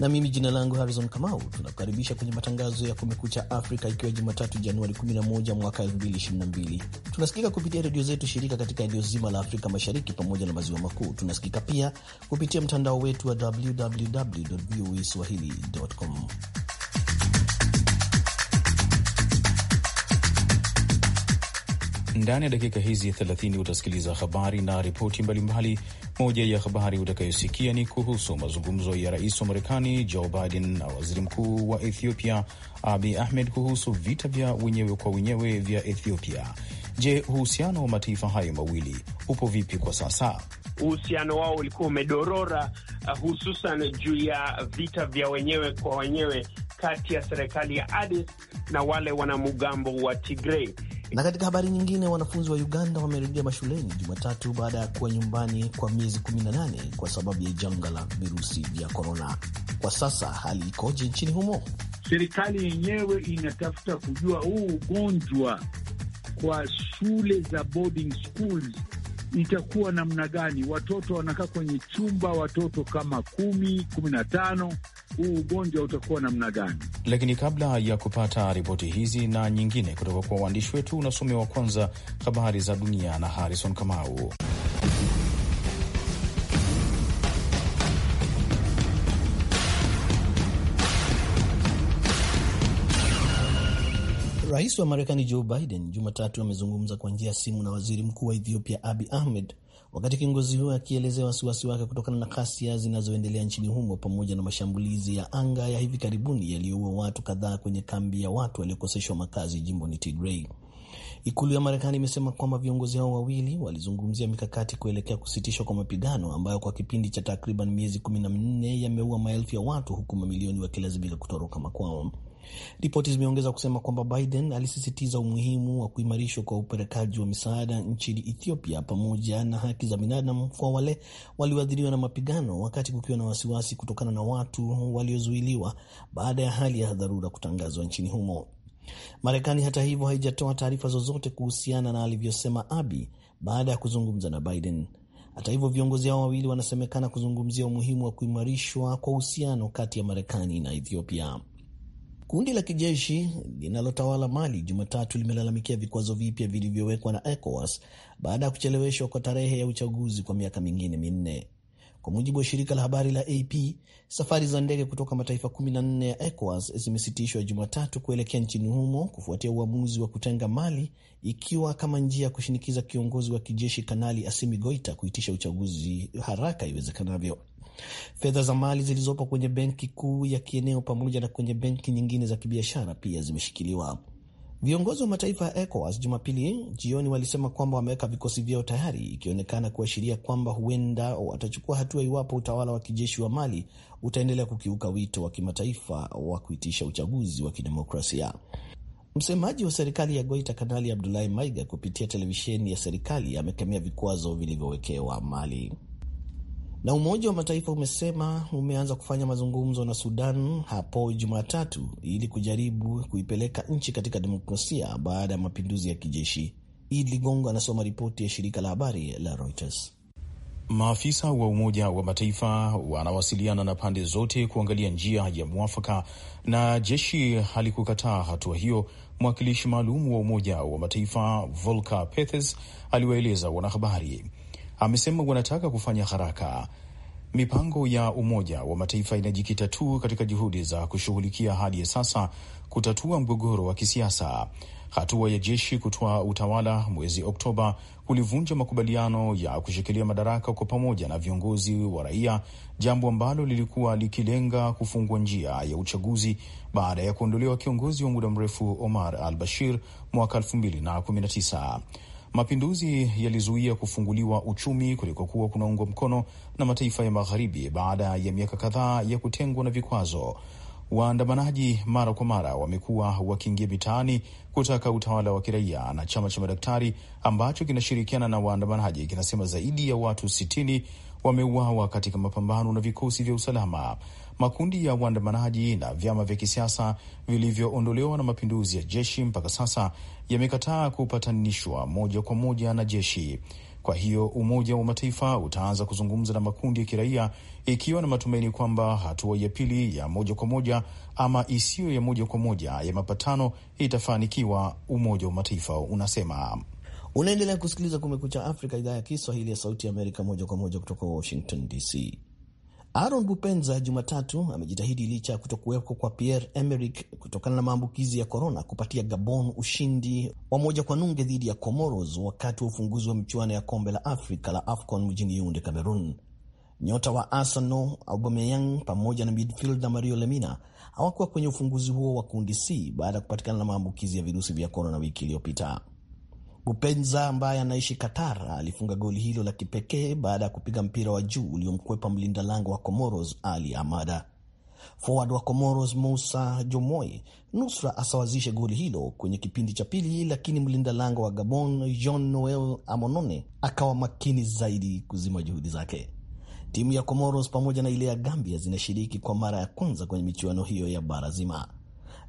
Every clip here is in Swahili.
na mimi jina langu Harrison Kamau. Tunakukaribisha kwenye matangazo ya Kumekucha Afrika, ikiwa Jumatatu Januari 11 mwaka 2022. Tunasikika kupitia redio zetu shirika katika eneo zima la Afrika Mashariki pamoja na maziwa makuu. Tunasikika pia kupitia mtandao wetu wa www voa swahili.com. Ndani ya dakika hizi 30 utasikiliza habari na ripoti mbalimbali moja ya habari utakayosikia ni kuhusu mazungumzo ya rais wa Marekani Joe Biden na waziri mkuu wa Ethiopia Abi Ahmed kuhusu vita vya wenyewe kwa wenyewe vya Ethiopia. Je, uhusiano wa mataifa hayo mawili upo vipi kwa sasa? Uhusiano wao ulikuwa umedorora, uh, hususan juu ya vita vya wenyewe kwa wenyewe kati ya serikali ya Addis na wale wanamgambo wa Tigray na katika habari nyingine, wanafunzi wa Uganda wamerejea mashuleni Jumatatu baada ya kuwa nyumbani kwa miezi 18 kwa sababu ya janga la virusi vya korona. Kwa sasa hali ikoje nchini humo? Serikali yenyewe inatafuta kujua huu ugonjwa kwa shule za boarding schools itakuwa namna gani? Watoto wanakaa kwenye chumba, watoto kama kumi, kumi na tano huu ugonjwa utakuwa namna gani. Lakini kabla ya kupata ripoti hizi na nyingine kutoka kwa waandishi wetu, unasomewa kwanza habari za dunia na Harrison Kamau. Rais wa Marekani Joe Biden Jumatatu amezungumza kwa njia ya simu na waziri mkuu wa Ethiopia abi Ahmed wakati kiongozi huyo akielezea wasiwasi wake kutokana na ghasia zinazoendelea nchini humo pamoja na mashambulizi ya anga ya hivi karibuni yaliyoua watu kadhaa kwenye kambi ya watu waliokoseshwa makazi jimboni Tigray. Ikulu ya Marekani imesema kwamba viongozi hao wawili walizungumzia mikakati kuelekea kusitishwa kwa mapigano ambayo kwa kipindi cha takriban miezi kumi na minne yameua maelfu ya watu huku mamilioni wakilazimika kutoroka makwao. Ripoti zimeongeza kusema kwamba Biden alisisitiza umuhimu wa kuimarishwa kwa upelekaji wa misaada nchini Ethiopia pamoja na haki za binadamu kwa wale walioathiriwa na mapigano, wakati kukiwa na wasiwasi kutokana na watu waliozuiliwa baada ya hali ya dharura kutangazwa nchini humo. Marekani hata hivyo haijatoa taarifa zozote kuhusiana na alivyosema Abi baada ya kuzungumza na Biden. Hata hivyo viongozi hao wawili wanasemekana kuzungumzia umuhimu wa kuimarishwa kwa uhusiano kati ya Marekani na Ethiopia. Kundi la kijeshi linalotawala Mali Jumatatu limelalamikia vikwazo vipya vilivyowekwa na ECOWAS baada ya kucheleweshwa kwa tarehe ya uchaguzi kwa miaka mingine minne. Kwa mujibu wa shirika la habari la AP, safari za ndege kutoka mataifa 14 ya ECOWAS zimesitishwa Jumatatu kuelekea nchini humo kufuatia uamuzi wa kutenga Mali ikiwa kama njia ya kushinikiza kiongozi wa kijeshi Kanali Asimi Goita kuitisha uchaguzi haraka iwezekanavyo. Fedha za mali zilizopo kwenye benki kuu ya kieneo pamoja na kwenye benki nyingine za kibiashara pia zimeshikiliwa. Viongozi wa mataifa ya ECOWAS Jumapili jioni walisema kwamba wameweka vikosi vyao tayari, ikionekana kuashiria kwamba huenda watachukua hatua iwapo utawala wa kijeshi wa Mali utaendelea kukiuka wito wa kimataifa wa kuitisha uchaguzi wa kidemokrasia. Msemaji wa serikali ya Goita, Kanali Abdulahi Maiga, kupitia televisheni ya serikali amekemea vikwazo vilivyowekewa Mali. Na Umoja wa Mataifa umesema umeanza kufanya mazungumzo na Sudan hapo Jumatatu ili kujaribu kuipeleka nchi katika demokrasia baada ya mapinduzi ya kijeshi. Idi Ligongo anasoma ripoti ya shirika la habari la Reuters. Maafisa wa Umoja wa Mataifa wanawasiliana na pande zote kuangalia njia ya mwafaka, na jeshi halikukataa hatua hiyo. Mwakilishi maalum wa Umoja wa Mataifa Volker Perthes aliwaeleza wanahabari amesema wanataka kufanya haraka. Mipango ya Umoja wa Mataifa inajikita tu katika juhudi za kushughulikia hadi ya sasa kutatua mgogoro wa kisiasa. Hatua ya jeshi kutoa utawala mwezi Oktoba kulivunja makubaliano ya kushikilia madaraka kwa pamoja na viongozi wa raia, jambo ambalo lilikuwa likilenga kufungua njia ya uchaguzi baada ya kuondolewa kiongozi wa muda mrefu Omar al Bashir mwaka 2019. Mapinduzi yalizuia kufunguliwa uchumi kulikokuwa kunaungwa mkono na mataifa ya Magharibi baada ya miaka kadhaa ya kutengwa na vikwazo. Waandamanaji mara kwa mara wamekuwa wakiingia mitaani kutaka utawala wa kiraia, na chama cha madaktari ambacho kinashirikiana na waandamanaji kinasema zaidi ya watu sitini wameuawa katika mapambano na vikosi vya usalama. Makundi ya uandamanaji na vyama vya kisiasa vilivyoondolewa na mapinduzi ya jeshi mpaka sasa yamekataa kupatanishwa moja kwa moja na jeshi. Kwa hiyo Umoja wa Mataifa utaanza kuzungumza na makundi ya kiraia ikiwa na matumaini kwamba hatua ya pili ya moja kwa moja ama isiyo ya moja kwa moja ya mapatano itafanikiwa, Umoja wa Mataifa unasema. Unaendelea kusikiliza Kumekucha Afrika, idhaa ya Kiswahili ya Sauti ya Amerika, moja kwa moja kutoka Washington DC. Aaron Bupenza Jumatatu amejitahidi licha ya kutokuwepo kwa Pierre Emerick kutokana na maambukizi ya korona kupatia Gabon ushindi wa moja kwa nunge dhidi ya Comoros wakati wa ufunguzi wa michuano ya kombe la Afrika la AFCON mjini Yaounde, Cameroon. Nyota wa Arsenal Aubameyang pamoja na midfielder Mario Lemina hawakuwa kwenye ufunguzi huo wa kundi C baada ya kupatikana na maambukizi ya virusi vya korona wiki iliyopita. Gupenza ambaye anaishi Qatar alifunga goli hilo la kipekee baada ya kupiga mpira wa juu uliomkwepa mlinda lango wa Comoros Ali Amada. Forward wa Comoros Musa Jomoi nusra asawazishe goli hilo kwenye kipindi cha pili, lakini mlinda lango wa Gabon Jean Noel Amonone akawa makini zaidi kuzima juhudi zake. Timu ya Comoros pamoja na ile ya Gambia zinashiriki kwa mara ya kwanza kwenye michuano hiyo ya bara zima.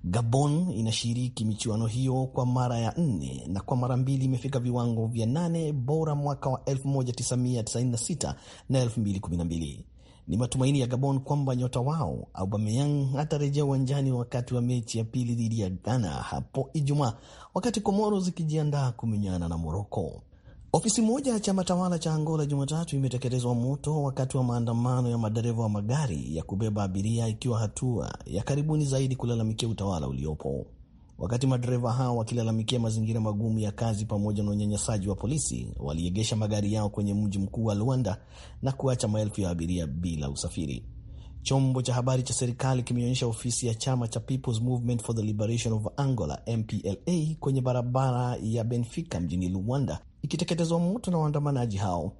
Gabon inashiriki michuano hiyo kwa mara ya nne na kwa mara mbili imefika viwango vya nane bora mwaka wa 1996 na 2012. Ni matumaini ya Gabon kwamba nyota wao Aubameyang atarejea uwanjani wakati wa mechi ya pili dhidi ya Ghana hapo Ijumaa, wakati Komoro zikijiandaa kumenyana na Moroko. Ofisi moja ya chama tawala cha Angola Jumatatu imetekelezwa moto wakati wa maandamano ya madereva wa magari ya kubeba abiria, ikiwa hatua ya karibuni zaidi kulalamikia utawala uliopo. Wakati madereva hao wakilalamikia mazingira magumu ya kazi pamoja na unyanyasaji wa polisi, waliegesha magari yao kwenye mji mkuu wa Luanda na kuacha maelfu ya abiria bila usafiri. Chombo cha habari cha serikali kimeonyesha ofisi ya chama cha People's Movement for the Liberation of Angola MPLA kwenye barabara ya Benfica mjini Luanda ikiteketezwa moto na waandamanaji hao.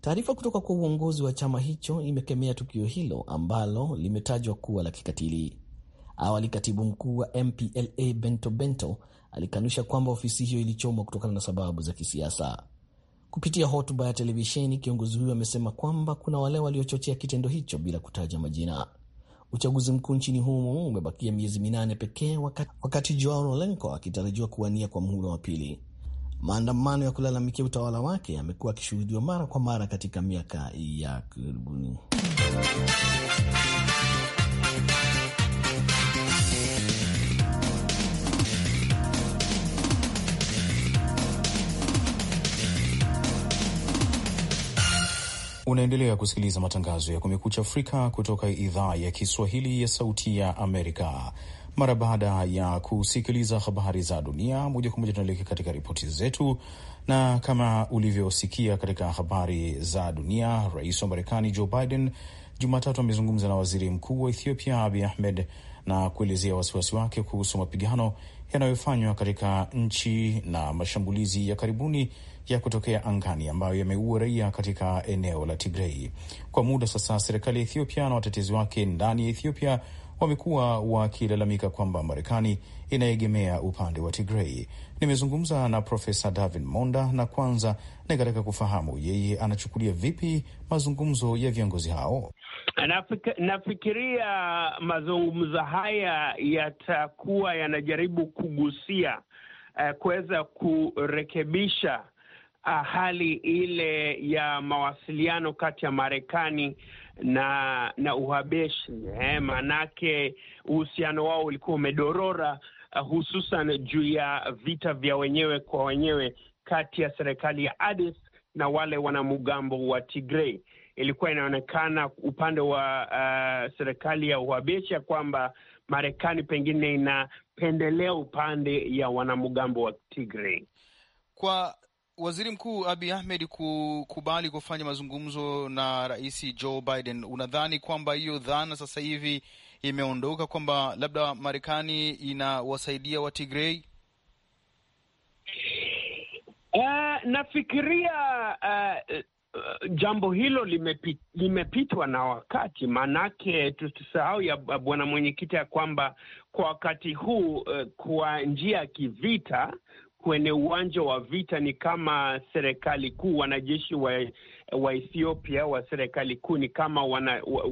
Taarifa kutoka kwa uongozi wa chama hicho imekemea tukio hilo ambalo limetajwa kuwa la kikatili. Awali, katibu mkuu wa MPLA Bento Bento alikanusha kwamba ofisi hiyo ilichomwa kutokana na sababu za kisiasa. Kupitia hotuba ya televisheni, kiongozi huyo amesema kwamba kuna wale waliochochea kitendo hicho bila kutaja majina. Uchaguzi mkuu nchini humo umebakia miezi minane pekee, wakati, wakati Joao rolenko akitarajiwa kuwania kwa muhula wa pili. Maandamano ya kulalamikia utawala wake yamekuwa akishuhudiwa mara kwa mara katika miaka ya karibuni. Unaendelea kusikiliza matangazo ya Kumekucha Afrika kutoka idhaa ya Kiswahili ya Sauti ya Amerika. Mara baada ya kusikiliza habari za dunia moja kwa moja, tunaelekea katika ripoti zetu, na kama ulivyosikia katika habari za dunia, rais wa Marekani Joe Biden Jumatatu amezungumza na waziri mkuu wa Ethiopia Abiy Ahmed na kuelezea wasiwasi wake kuhusu mapigano yanayofanywa katika nchi na mashambulizi ya karibuni ya kutokea angani ambayo yameua raia katika eneo la Tigrei. Kwa muda sasa, serikali ya Ethiopia na watetezi wake ndani ya Ethiopia wamekuwa wakilalamika kwamba Marekani inaegemea upande wa Tigrei. Nimezungumza na Profesa davi Monda na kwanza nikataka kufahamu yeye anachukulia vipi mazungumzo ya viongozi hao. Nafik nafikiria mazungumzo haya yatakuwa yanajaribu kugusia uh, kuweza kurekebisha uh, hali ile ya mawasiliano kati ya Marekani na na Uhabeshi eh, maanake uhusiano wao ulikuwa umedorora uh, hususan juu ya vita vya wenyewe kwa wenyewe kati ya serikali ya Addis na wale wanamgambo wa Tigray. Ilikuwa inaonekana upande wa uh, serikali ya Uhabeshi ya kwamba Marekani pengine inapendelea upande ya wanamgambo wa Tigray. Kwa Waziri Mkuu Abi Ahmed kukubali kufanya mazungumzo na Rais Joe Biden, unadhani kwamba hiyo dhana sasa hivi imeondoka kwamba labda Marekani inawasaidia Watigrei? Uh, nafikiria uh, jambo hilo limepi, limepitwa na wakati, maanake tusisahau ya bwana mwenyekiti ya kwamba kwa wakati huu uh, kwa njia ya kivita kwenye uwanja wa vita ni kama serikali kuu, wanajeshi wa, wa Ethiopia wa serikali kuu ni kama wana, wa,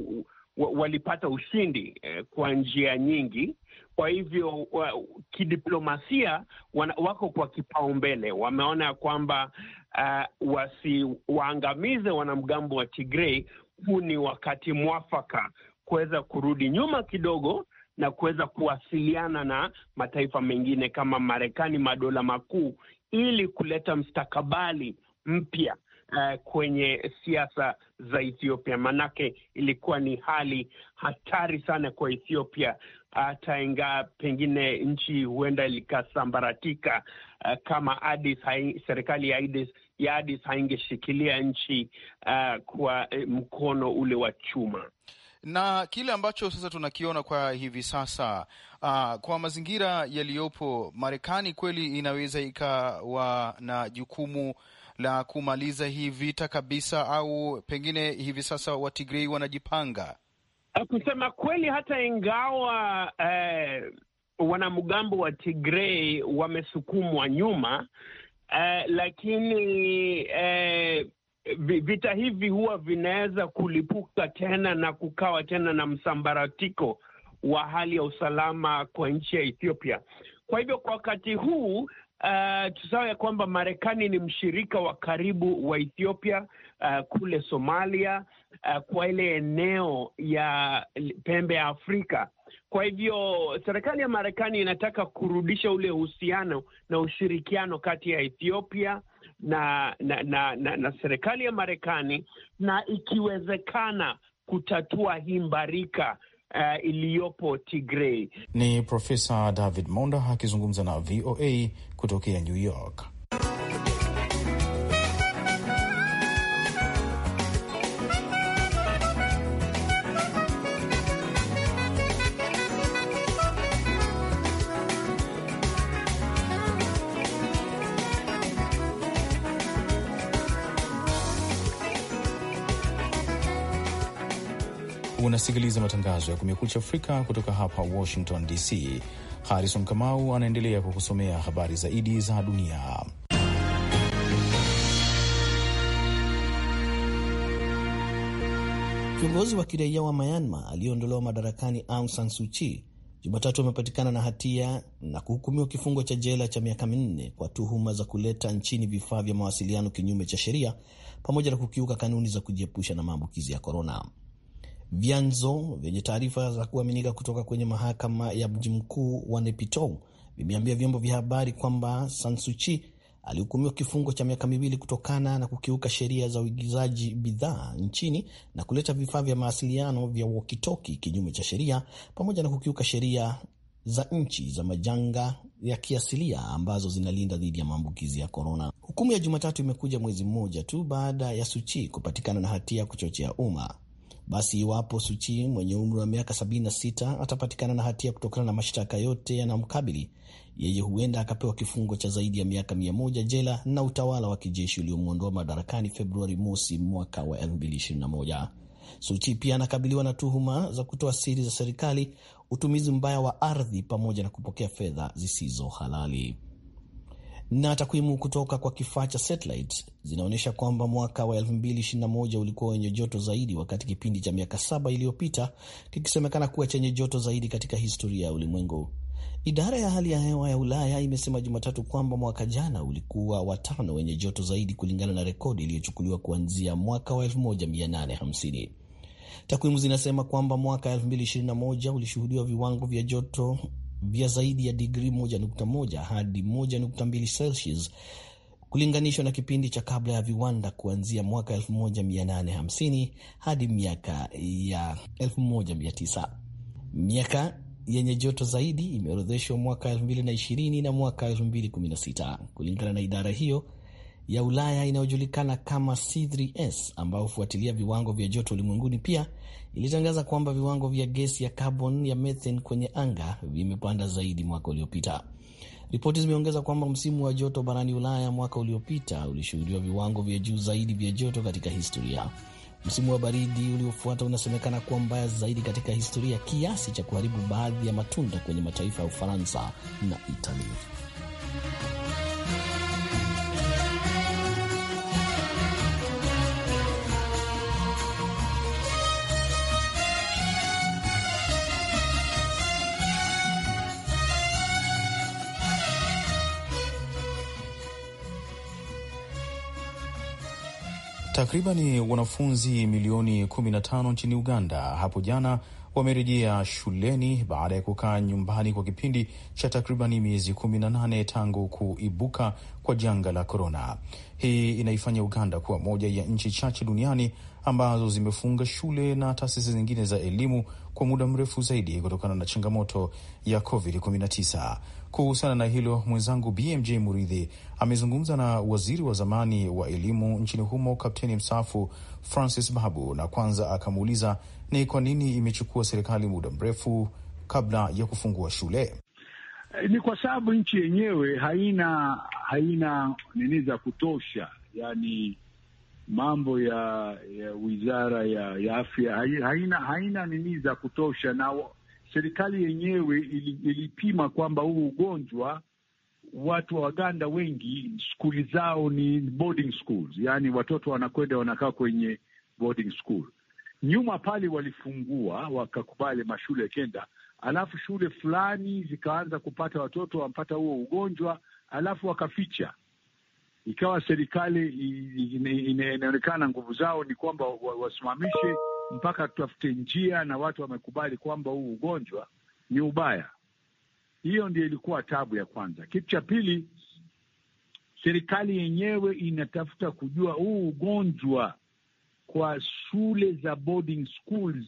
wa, walipata ushindi eh, kwa njia nyingi. Kwa hivyo wa, kidiplomasia wana, wako kwa kipaumbele, wameona ya kwamba uh, eh, wasiwaangamize wanamgambo wa Tigrei. Huu ni wakati mwafaka kuweza kurudi nyuma kidogo na kuweza kuwasiliana na mataifa mengine kama Marekani, madola makuu, ili kuleta mstakabali mpya uh, kwenye siasa za Ethiopia. maanake ilikuwa ni hali hatari sana kwa Ethiopia, hata ingaa pengine nchi huenda likasambaratika, uh, kama Addis, serikali ya Addis ya Addis haingeshikilia nchi uh, kwa mkono ule wa chuma na kile ambacho sasa tunakiona kwa hivi sasa uh, kwa mazingira yaliyopo Marekani kweli inaweza ikawa na jukumu la kumaliza hii vita kabisa, au pengine hivi sasa Watigrei wanajipanga ah, kusema kweli, hata ingawa eh, wanamgambo wa Tigrei wamesukumwa nyuma eh, lakini eh, vita hivi huwa vinaweza kulipuka tena na kukawa tena na msambaratiko wa hali ya usalama kwa nchi ya Ethiopia. Kwa hivyo kwa wakati huu uh, tusahau ya kwamba Marekani ni mshirika wa karibu wa Ethiopia uh, kule Somalia uh, kwa ile eneo ya pembe ya Afrika. Kwa hivyo serikali ya Marekani inataka kurudisha ule uhusiano na ushirikiano kati ya Ethiopia na na, na, na, na serikali ya Marekani na ikiwezekana kutatua hii mbarika uh, iliyopo tigrei Ni Profesa David Monda akizungumza na VOA kutokea New York. Unasikiliza matangazo ya Kumekucha Afrika kutoka hapa Washington DC. Harrison Kamau anaendelea kukusomea habari zaidi za dunia. Kiongozi wa kiraia wa Myanmar aliyeondolewa madarakani Aung San Suu Kyi Jumatatu amepatikana na hatia na kuhukumiwa kifungo cha jela cha miaka minne kwa tuhuma za kuleta nchini vifaa vya mawasiliano kinyume cha sheria pamoja na kukiuka kanuni za kujiepusha na maambukizi ya korona. Vyanzo vyenye taarifa za kuaminika kutoka kwenye mahakama ya mji mkuu wa Nepitou vimeambia vyombo vya habari kwamba Sansuchi alihukumiwa kifungo cha miaka miwili kutokana na kukiuka sheria za uigizaji bidhaa nchini na kuleta vifaa vya mawasiliano vya wokitoki kinyume cha sheria, pamoja na kukiuka sheria za nchi za majanga ya kiasilia ambazo zinalinda dhidi ya maambukizi ya korona. Hukumu ya Jumatatu imekuja mwezi mmoja tu baada ya Suchi kupatikana na hatia ya kuchochea umma basi iwapo Suchi mwenye umri wa miaka 76 atapatikana na hatia kutokana na mashtaka yote yanamkabili yeye, huenda akapewa kifungo cha zaidi ya miaka 100 jela na utawala wa kijeshi uliomwondoa madarakani Februari mosi mwaka wa 2021. Suchi pia anakabiliwa na tuhuma za kutoa siri za serikali, utumizi mbaya wa ardhi, pamoja na kupokea fedha zisizo halali na takwimu kutoka kwa kifaa cha satellite zinaonyesha kwamba mwaka wa 2021 ulikuwa wenye joto zaidi, wakati kipindi cha miaka saba iliyopita kikisemekana kuwa chenye joto zaidi katika historia ya ulimwengu. Idara ya hali ya hewa ya Ulaya imesema Jumatatu kwamba mwaka jana ulikuwa watano wenye joto zaidi kulingana na rekodi iliyochukuliwa kuanzia mwaka wa 1850. Takwimu zinasema kwamba mwaka 2021 ulishuhudiwa viwango vya joto vya zaidi ya digrii 1.1 hadi 1.2 Celsius kulinganishwa na kipindi cha kabla ya viwanda kuanzia mwaka 1850 hadi miaka ya 1900. Miaka yenye joto zaidi imeorodheshwa mwaka 2020 na mwaka 2016 kulingana na idara hiyo ya Ulaya inayojulikana kama C3S ambayo hufuatilia viwango vya joto ulimwenguni. Pia ilitangaza kwamba viwango vya gesi ya carbon ya methane kwenye anga vimepanda zaidi mwaka uliopita. Ripoti zimeongeza kwamba msimu wa joto barani Ulaya mwaka uliopita ulishuhudiwa viwango vya juu zaidi vya joto katika historia. Msimu wa baridi uliofuata unasemekana kuwa mbaya zaidi katika historia kiasi cha kuharibu baadhi ya matunda kwenye mataifa ya Ufaransa na Italia. Takribani wanafunzi milioni 15 nchini Uganda hapo jana wamerejea shuleni baada ya kukaa nyumbani kwa kipindi cha takribani miezi 18 tangu kuibuka kwa janga la korona. Hii inaifanya Uganda kuwa moja ya nchi chache duniani ambazo zimefunga shule na taasisi zingine za elimu kwa muda mrefu zaidi kutokana na changamoto ya COVID-19. Kuhusiana na hilo, mwenzangu BMJ Muridhi amezungumza na waziri wa zamani wa elimu nchini humo, kapteni mstaafu Francis Babu, na kwanza akamuuliza ni kwa nini imechukua serikali muda mrefu kabla ya kufungua shule. Eh, ni kwa sababu nchi yenyewe haina haina nini za kutosha, yani mambo ya, ya wizara ya, ya afya haina haina nini za kutosha, na serikali yenyewe ilipima kwamba huu ugonjwa watu wa Waganda wengi skuli zao ni boarding schools, yaani watoto wanakwenda wanakaa kwenye boarding school. Nyuma pale walifungua wakakubali mashule yakenda, alafu shule fulani zikaanza kupata watoto wampata huo ugonjwa, alafu wakaficha ikawa serikali inaonekana nguvu zao ni kwamba wasimamishe mpaka tutafute njia, na watu wamekubali kwamba huu ugonjwa ni ubaya. Hiyo ndio ilikuwa tabu ya kwanza. Kitu cha pili, serikali yenyewe inatafuta kujua huu ugonjwa kwa shule za boarding schools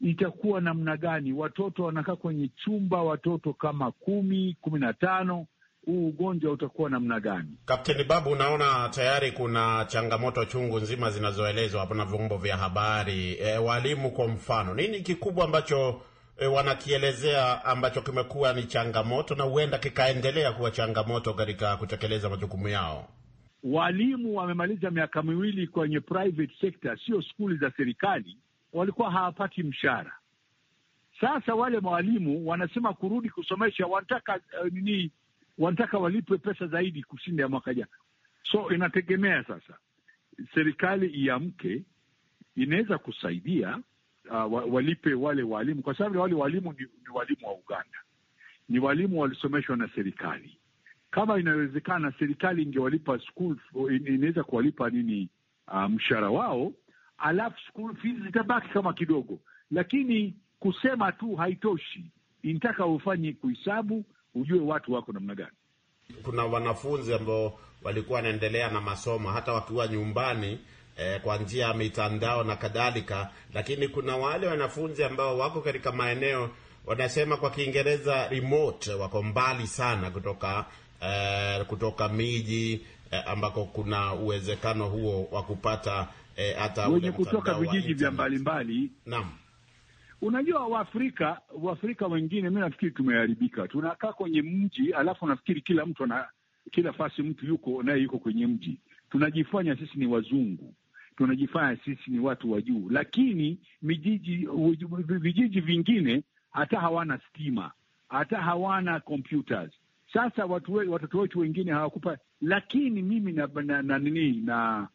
itakuwa namna gani? Watoto wanakaa kwenye chumba, watoto kama kumi, kumi na tano huu ugonjwa utakuwa namna gani. Kapteni Babu, unaona tayari kuna changamoto chungu nzima zinazoelezwa hapo na vyombo vya habari e, walimu kwa mfano, nini kikubwa ambacho e, wanakielezea ambacho kimekuwa ni changamoto na huenda kikaendelea kuwa changamoto katika kutekeleza majukumu yao? Walimu wamemaliza miaka miwili kwenye private sector, sio skuli za serikali, walikuwa hawapati mshahara. Sasa wale mwalimu wanasema kurudi kusomesha, wanataka uh, nini wanataka walipwe pesa zaidi kushinda ya mwaka jana. So inategemea sasa, serikali iamke, inaweza kusaidia uh, walipe wale walimu, kwa sababu wale walimu ni, ni walimu wa Uganda, ni walimu walisomeshwa na serikali. Kama inawezekana, serikali ingewalipa school, inaweza kuwalipa nini, uh, mshahara wao, alafu school fees zitabaki kama kidogo, lakini kusema tu haitoshi, inataka ufanye kuhesabu ujue watu wako namna gani. Kuna wanafunzi ambao walikuwa wanaendelea na masomo hata wakiwa nyumbani eh, kwa njia ya mitandao na kadhalika, lakini kuna wale wanafunzi ambao wako katika maeneo wanasema kwa Kiingereza remote, wako mbali sana kutoka eh, kutoka miji eh, ambako kuna uwezekano huo wa kupata eh, hata wenye kutoka vijiji vya mbalimbali. Naam. Unajua Waafrika Waafrika wengine, mi nafikiri tumeharibika. Tunakaa kwenye mji, alafu nafikiri kila mtu ana kila fasi, mtu yuko naye yuko kwenye mji. Tunajifanya sisi ni wazungu, tunajifanya sisi ni watu wa juu, lakini mijiji, vijiji vingine hata hawana stima, hata hawana computers. Sasa watu we, watoto wetu wengine hawakupa, lakini mimi na na na nini na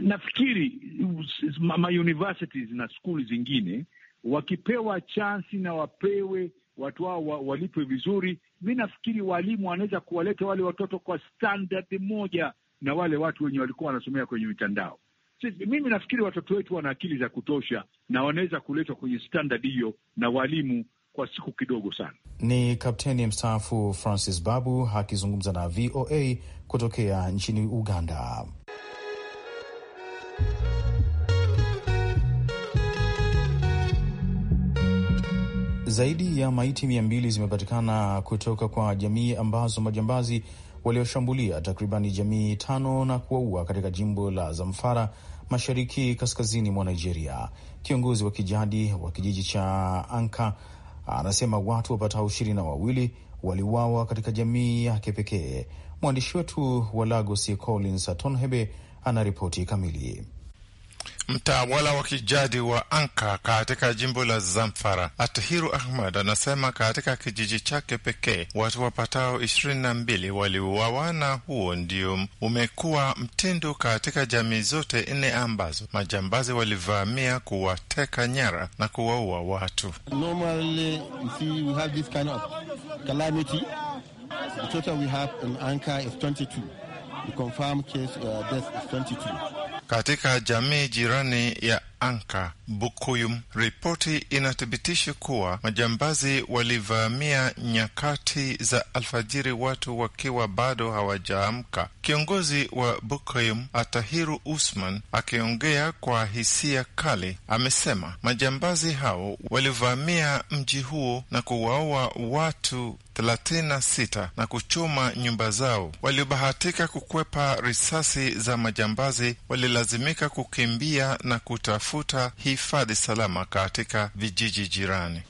nafikiri na, na ma, ma universities na skuli zingine wakipewa chansi na wapewe watu wao wa, walipwe vizuri. Mi nafikiri walimu wanaweza kuwaleta wale watoto kwa standard moja na wale watu wenye walikuwa wanasomea kwenye mitandao. Mimi nafikiri watoto wetu wana akili za kutosha na wanaweza kuletwa kwenye standard hiyo na walimu kwa siku kidogo sana. Ni kapteni mstaafu Francis Babu akizungumza na VOA kutokea nchini Uganda. Zaidi ya maiti mia mbili zimepatikana kutoka kwa jamii ambazo majambazi walioshambulia takribani jamii tano na kuwaua katika jimbo la Zamfara mashariki kaskazini mwa Nigeria. Kiongozi wa kijadi wa kijiji cha Anka anasema watu wapatao ishirini na wawili waliuawa katika jamii yake pekee. Mwandishi wetu wa Lagosi Collins Atonhebe anaripoti kamili. Mtawala wa kijadi wa Anka katika jimbo la Zamfara, Atahiru Ahmad, anasema katika kijiji chake pekee watu wapatao ishirini na mbili waliuawa, na huo ndio umekuwa mtindo katika jamii zote nne ambazo majambazi walivamia kuwateka nyara na kuwaua watu. Normally, case uh, death is 22. Katika jamii jirani ya Anka Bukuyum, ripoti inathibitisha kuwa majambazi walivamia nyakati za alfajiri watu wakiwa bado hawajaamka. Kiongozi wa Bukuyum, Atahiru Usman, akiongea kwa hisia kali, amesema majambazi hao walivamia mji huo na kuwaua watu 36 na kuchoma nyumba zao. Waliobahatika kukwepa risasi za majambazi walilazimika kukimbia na kutafuta hifadhi salama katika vijiji jirani.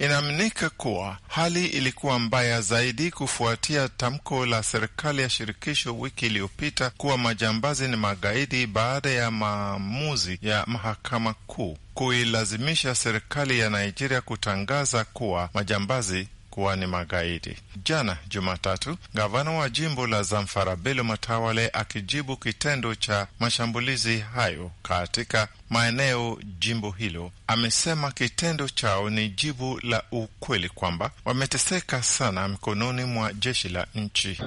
Inaaminika kuwa hali ilikuwa mbaya zaidi kufuatia tamko la serikali ya shirikisho wiki iliyopita kuwa majambazi ni magaidi baada ya maamuzi ya mahakama kuu kuilazimisha serikali ya Nigeria kutangaza kuwa majambazi kuwa ni magaidi. Jana Jumatatu, gavana wa jimbo la Zamfara Bello Matawale akijibu kitendo cha mashambulizi hayo katika maeneo jimbo hilo, amesema kitendo chao ni jibu la ukweli kwamba wameteseka sana mikononi mwa jeshi la nchi.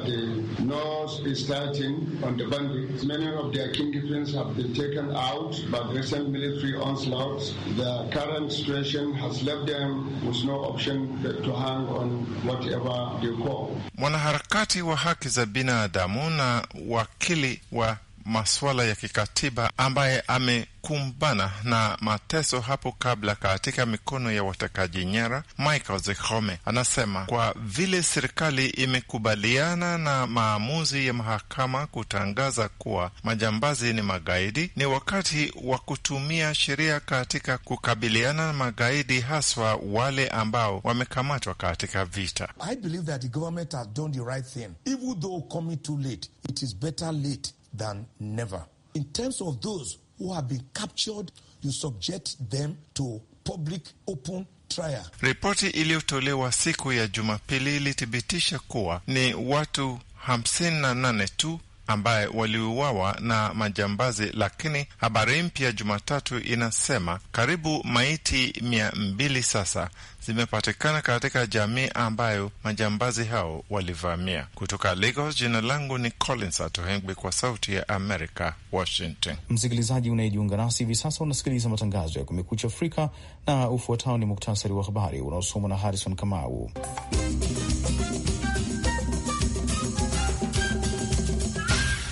Mwanaharakati wa haki za binadamu na wakili wa masuala ya kikatiba ambaye amekumbana na mateso hapo kabla katika mikono ya watekaji nyara. Michael zehome anasema kwa vile serikali imekubaliana na maamuzi ya mahakama kutangaza kuwa majambazi ni magaidi, ni wakati wa kutumia sheria katika kukabiliana na magaidi, haswa wale ambao wamekamatwa katika vita. I believe that the government has done the right thing. Even though coming too late, it is better late than never. In terms of those who have been captured, you subject them to public open trial. Ripoti iliyotolewa siku ya Jumapili ilithibitisha kuwa ni watu 58 tu ambaye waliuawa na majambazi, lakini habari mpya Jumatatu inasema karibu maiti mia mbili sasa zimepatikana katika jamii ambayo majambazi hao walivamia. Kutoka Lagos, jina langu ni Collins Atohengwi, kwa Sauti ya Amerika, Washington. Msikilizaji unayejiunga nasi hivi sasa, unasikiliza matangazo ya Kumekucha Afrika na ufuatao ni muktasari wa habari unaosomwa na Harrison Kamau.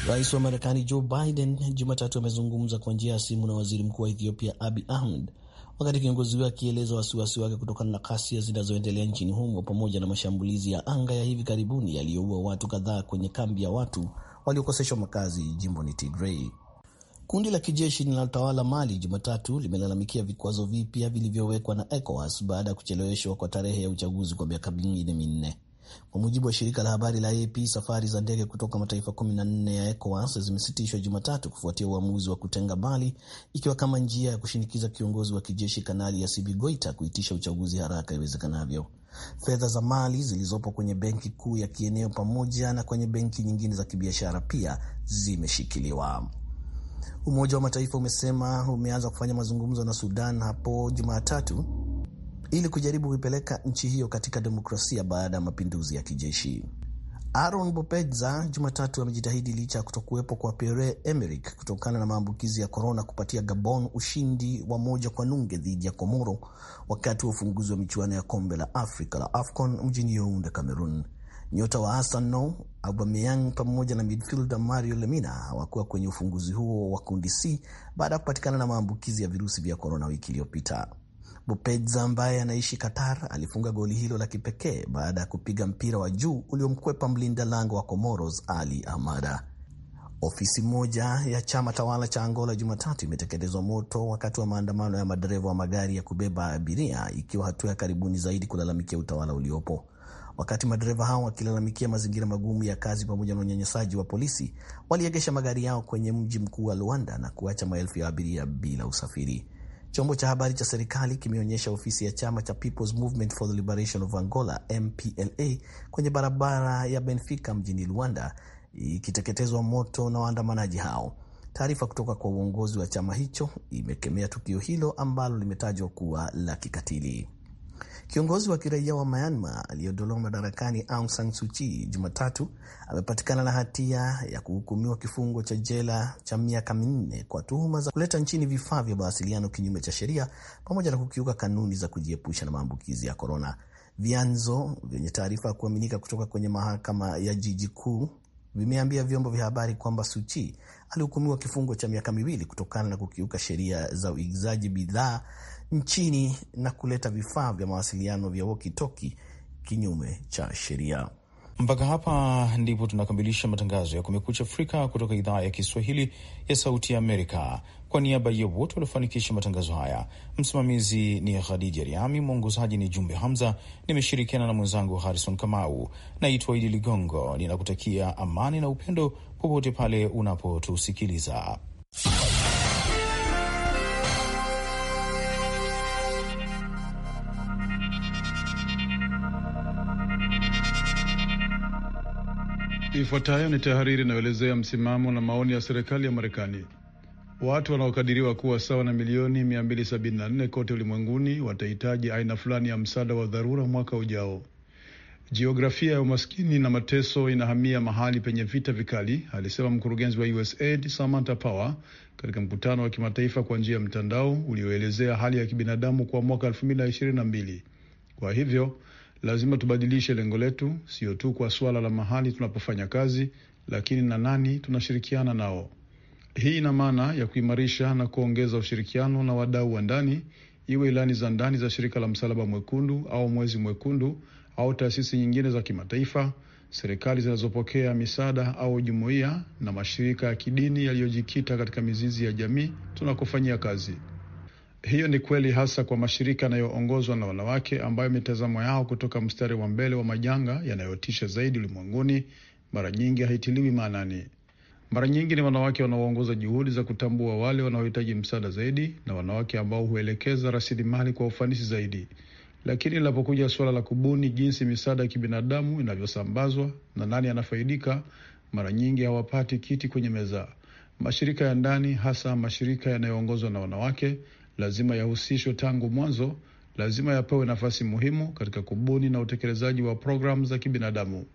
Rais wa Marekani Joe Biden Jumatatu amezungumza kwa njia ya simu na waziri mkuu wa Ethiopia Abiy Ahmed wakati kiongozi huyo akieleza wasiwasi wake kutokana na ghasia zinazoendelea nchini humo pamoja na mashambulizi ya anga ya hivi karibuni yaliyoua watu kadhaa kwenye kambi ya watu waliokoseshwa makazi jimboni tigrey Kundi la kijeshi linalotawala Mali Jumatatu limelalamikia vikwazo vipya vilivyowekwa na ECOWAS baada ya kucheleweshwa kwa tarehe ya uchaguzi kwa miaka mingine minne. Kwa mujibu wa shirika la habari la AP, safari za ndege kutoka mataifa 14 ya ECOWAS zimesitishwa Jumatatu kufuatia uamuzi wa kutenga Mali ikiwa kama njia ya kushinikiza kiongozi wa kijeshi Kanali Yasibi Goita kuitisha uchaguzi haraka iwezekanavyo. Fedha za Mali zilizopo kwenye benki kuu ya kieneo pamoja na kwenye benki nyingine za kibiashara pia zimeshikiliwa. Umoja wa Mataifa umesema umeanza kufanya mazungumzo na Sudan hapo Jumatatu ili kujaribu kuipeleka nchi hiyo katika demokrasia baada ya mapinduzi ya kijeshi. Aaron Bopeza Jumatatu amejitahidi licha ya kutokuwepo kwa Pierre Emerick kutokana na maambukizi ya korona kupatia Gabon ushindi wa moja kwa nunge dhidi ya Komoro wakati wa ufunguzi wa michuano ya kombe la Afrika la AFCON mjini Yaounde, Cameroon. Nyota wa Hassan No Aubameyang pamoja na midfielder Mario Lemina hawakuwa kwenye ufunguzi huo wa kundi C baada ya kupatikana na maambukizi ya virusi vya korona wiki iliyopita. Bupedza ambaye anaishi Qatar alifunga goli hilo la kipekee baada ya kupiga mpira wa juu uliomkwepa mlinda lango wa Comoros Ali Amada. Ofisi moja ya chama tawala cha Angola Jumatatu imetekelezwa moto wakati wa maandamano ya madereva wa magari ya kubeba abiria, ikiwa hatua ya karibuni zaidi kulalamikia utawala uliopo. Wakati madereva hao wakilalamikia mazingira magumu ya kazi pamoja na unyanyasaji wa polisi, waliegesha magari yao kwenye mji mkuu wa Luanda na kuacha maelfu ya abiria bila usafiri. Chombo cha habari cha serikali kimeonyesha ofisi ya chama cha People's Movement for the Liberation of Angola MPLA kwenye barabara ya Benfica mjini Luanda ikiteketezwa moto na waandamanaji hao. Taarifa kutoka kwa uongozi wa chama hicho imekemea tukio hilo ambalo limetajwa kuwa la kikatili. Kiongozi wa kiraia wa Myanmar aliyeondolewa madarakani Aung San Suu Kyi Jumatatu amepatikana na hatia ya kuhukumiwa kifungo cha jela cha miaka minne kwa tuhuma za kuleta nchini vifaa vya mawasiliano kinyume cha sheria pamoja na kukiuka kanuni za kujiepusha na maambukizi ya korona. Vyanzo vyenye taarifa ya kuaminika kutoka kwenye mahakama ya jiji kuu vimeambia vyombo vya habari kwamba Suu Kyi alihukumiwa kifungo cha miaka miwili kutokana na kukiuka sheria za uigizaji bidhaa nchini na kuleta vifaa vya mawasiliano vya wokitoki kinyume cha sheria. Mpaka hapa ndipo tunakamilisha matangazo ya Kumekucha Afrika kutoka idhaa ya Kiswahili ya Sauti ya Amerika. Kwa niaba ya wote waliofanikisha matangazo haya, msimamizi ni Khadija Riami, mwongozaji ni Jumbe Hamza. Nimeshirikiana na mwenzangu Harrison Kamau. Naitwa Idi Ligongo, ninakutakia amani na upendo popote pale unapotusikiliza. Ifuatayo ni tahariri inayoelezea msimamo na maoni ya serikali ya Marekani. Watu wanaokadiriwa kuwa sawa na milioni 274 kote ulimwenguni watahitaji aina fulani ya msaada wa dharura mwaka ujao. Jiografia ya umaskini na mateso inahamia mahali penye vita vikali, alisema mkurugenzi wa USAID Samantha Power katika mkutano wa kimataifa kwa njia ya mtandao ulioelezea hali ya kibinadamu kwa mwaka 2022. Kwa hivyo Lazima tubadilishe lengo letu, sio tu kwa suala la mahali tunapofanya kazi, lakini na nani tunashirikiana nao. Hii ina maana ya kuimarisha na kuongeza ushirikiano na wadau wa ndani, iwe ilani za ndani za shirika la Msalaba Mwekundu au Mwezi Mwekundu au taasisi nyingine za kimataifa, serikali zinazopokea misaada au jumuiya na mashirika ya kidini yaliyojikita katika mizizi ya jamii tunakofanyia kazi. Hiyo ni kweli hasa kwa mashirika yanayoongozwa na wanawake ambayo mitazamo yao kutoka mstari wa mbele wa majanga yanayotisha zaidi ulimwenguni mara nyingi haitiliwi maanani. Mara nyingi ni wanawake wanaoongoza juhudi za kutambua wale wanaohitaji msaada zaidi na wanawake ambao huelekeza rasilimali kwa ufanisi zaidi. Lakini linapokuja suala la kubuni jinsi misaada ya kibinadamu inavyosambazwa na nani anafaidika, mara nyingi hawapati kiti kwenye meza. Mashirika ya ndani, hasa mashirika yanayoongozwa na wanawake, lazima yahusishwe tangu mwanzo, lazima yapewe nafasi muhimu katika kubuni na utekelezaji wa programu za kibinadamu.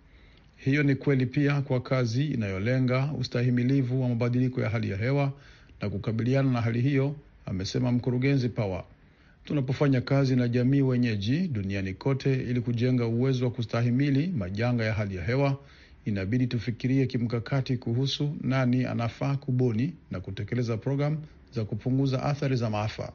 Hiyo ni kweli pia kwa kazi inayolenga ustahimilivu wa mabadiliko ya hali ya hewa na kukabiliana na hali hiyo, amesema mkurugenzi Power. Tunapofanya kazi na jamii wenyeji duniani kote ili kujenga uwezo wa kustahimili majanga ya hali ya hewa, inabidi tufikirie kimkakati kuhusu nani anafaa kubuni na kutekeleza programu za kupunguza athari za maafa.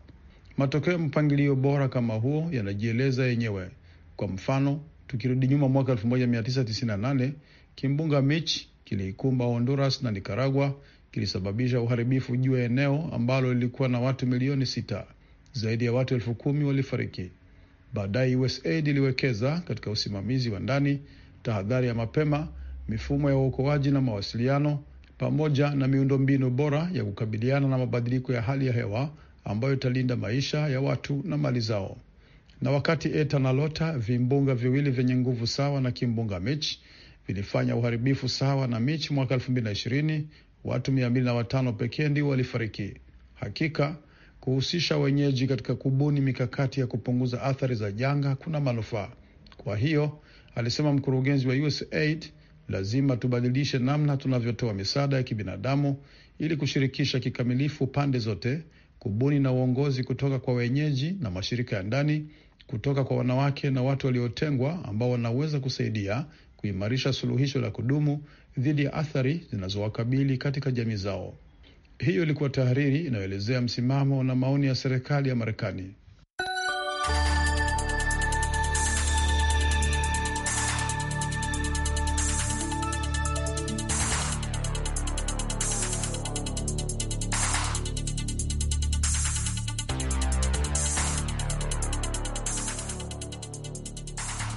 Matokeo ya mpangilio bora kama huo yanajieleza yenyewe. Kwa mfano, tukirudi nyuma mwaka 1998 kimbunga Mitch kiliikumba Honduras na Nicaragua kilisababisha uharibifu juu ya eneo ambalo lilikuwa na watu milioni sita. Zaidi ya watu elfu kumi walifariki. Baadaye USAID iliwekeza katika usimamizi wa ndani, tahadhari ya mapema, mifumo ya uokoaji na mawasiliano, pamoja na miundombinu bora ya kukabiliana na mabadiliko ya hali ya hewa ambayo italinda maisha ya watu na mali zao. Na wakati Eta na Lota, vimbunga viwili vyenye nguvu sawa na kimbunga Mitch, vilifanya uharibifu sawa na Mitch mwaka 2020, watu 205 pekee ndio walifariki. Hakika kuhusisha wenyeji katika kubuni mikakati ya kupunguza athari za janga kuna manufaa. Kwa hiyo, alisema mkurugenzi wa USAID Lazima tubadilishe namna tunavyotoa misaada ya kibinadamu ili kushirikisha kikamilifu pande zote, kubuni na uongozi kutoka kwa wenyeji na mashirika ya ndani, kutoka kwa wanawake na watu waliotengwa ambao wanaweza kusaidia kuimarisha suluhisho la kudumu dhidi ya athari zinazowakabili katika jamii zao. Hiyo ilikuwa tahariri inayoelezea msimamo na maoni ya serikali ya Marekani.